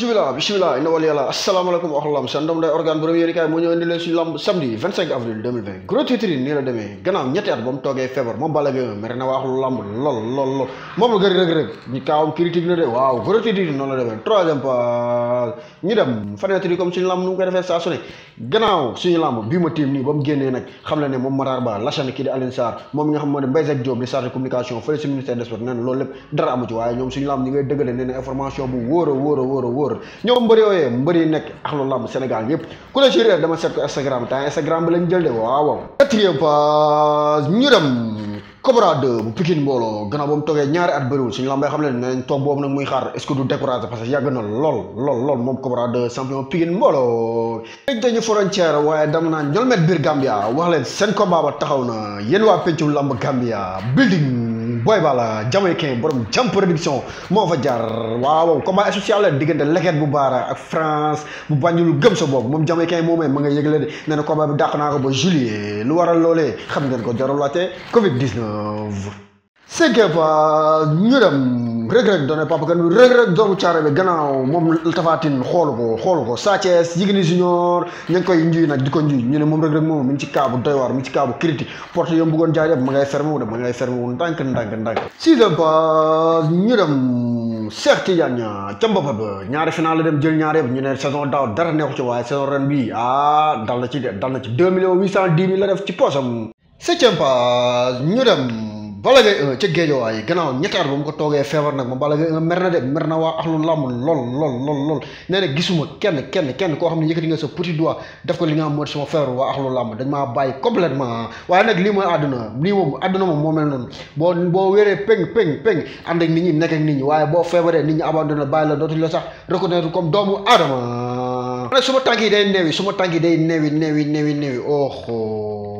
bismillah bismillah inna wali yàlla asalaamaaleykum wa rahmatulah day organe borom yéen kaay moo ñëw indi suñu lamb samedi avril 2020 nii la demee gannaaw ñetti at ba mu toogee feebar moom Balla Gaye mer na wax lu lool lool lool moom la gën Reug Reug ñu dem fenêtre yi comme suñu lamb nu mu koy defee saa su gannaaw suñu lamb bii ma tiim nii ba mu génnee nag xam na ne moom Matar Ba Lassane kii di Alioune Sarr moom mi nga xam moo ne Mbaye Jacques Diop di chargé a wóor ñoom mbëri yooyee mbëri nekk axlu lamb Sénégal yëpp ku la ci réer dama seet ko Instagram temps Instagram bi lañ jël de waaw waaw quatrième phase ñu dem Cobra 2 bu mbooloo gannaaw ba mu toogee ñaari at bëriwul suñu lambay xam ne nañ toog boobu nag muy xaar est que du découragé parce que yàgg na lool lool lool moom Cobra 2 champion Pikine mbooloo pénc dañu frontière waaye dama naan ñolmet biir Gambia wax leen seen combat ba taxaw na yéen waa péncum lamb Gambia building Boy Balla Jamaïcain borom jam production moo fa jar waaw combat social la diggante Leket bu baar a France bu Banjul gëm sa bopp moom Jamaïcain moomee ma nga yëgle de nee na combat bi dàq naa ko ba juillet lu waral loole xam ngan ko jarul laajte Covid 19. c'est que ñu dem. rëg-rëg doone papa kan bi rëg-rëg doomu caaro bi gannaaw moom tafaatin xoolu ko xoolu ko Sathiès Yékini Junior ña koy njuy nag di ko njuy ñu ne moom rëg moom mi ngi ci kaabu doy waar mi ngi ci kaabu critique porte yom bëggoon jaay yëpp ma ngay fermé wu de ma ngay fermé wu ndànk ndànk ndànk sixième pas ñu ñaari final dem jël ñaari yëpp ñu ne saison daaw dara neexu ci waaye saison ren bii ah dal na ci de dal huit cent dix la def Balla Gaye 1 ca géejowaay gannaaw ñetti at ba mu ko toogee feebar nag moom Balla Gaye 1 mer na de mer na waa axlu làmb lool lool lool lool nee na gisuma kenn kenn kenn koo xam ne yëkkati nga sa petit doigt def ko li nga xam mooy sama feebar waa axlu làmb dañ maa bàyyi complètement waaye nag lii mooy àdduna lii moo mel noonu boo boo wéree péng péng péng ànd ak nit ñi nekk ak nit ñi waaye boo feebaree nit ñi abandonné bàyyi la dootuñ la sax reconnaître comme doomu aadama ma ne suma tànk yi day neewi suma tànk yi day neewi neewi neewi neewi oho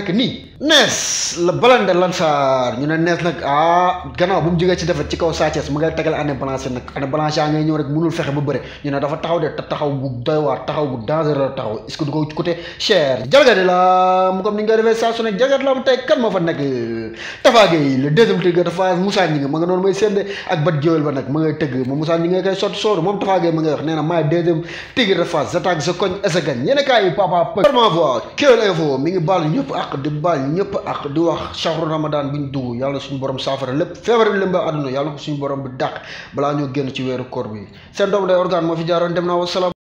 nekk nii nees la balande Lansar ñu ne nees nag ah gannaaw bu mu jógee ci defet ci kaw Sathiès mu ngay tegal année blanche nag année blanche yaa ngay ñëw rek mënul fexe ba bëre ñu ne dafa taxaw de taxaw gu doy waar taxaw gu dangereux la taxaw est-ce que du ko côté cher jalgati la mu comme ni nga defee saa ne jalgati la mu tey kan moo fa nekk dëgg Tafa Gueye le deuxième tigre de phase Moussa Gningue ma nga noonu may séddee ak bat géwél ba nag ma ngay tëgg moom Moussa nga koy sotti sooru moom Tafa ma ngay wax nee na maay deuxième tigre de phase j'attaque je cogne et je gagne yéen a Info mi ngi baal ñëpp ak di baal ñëpp ak di wax chahru ramadan bi ñu dugg yàlla suñu borom saafara lépp feebar bi lëmba àdduna yàlla ko suñu borom bi dàq balaa ñoo génn ci weeru koor bi seen doom day organe moo fi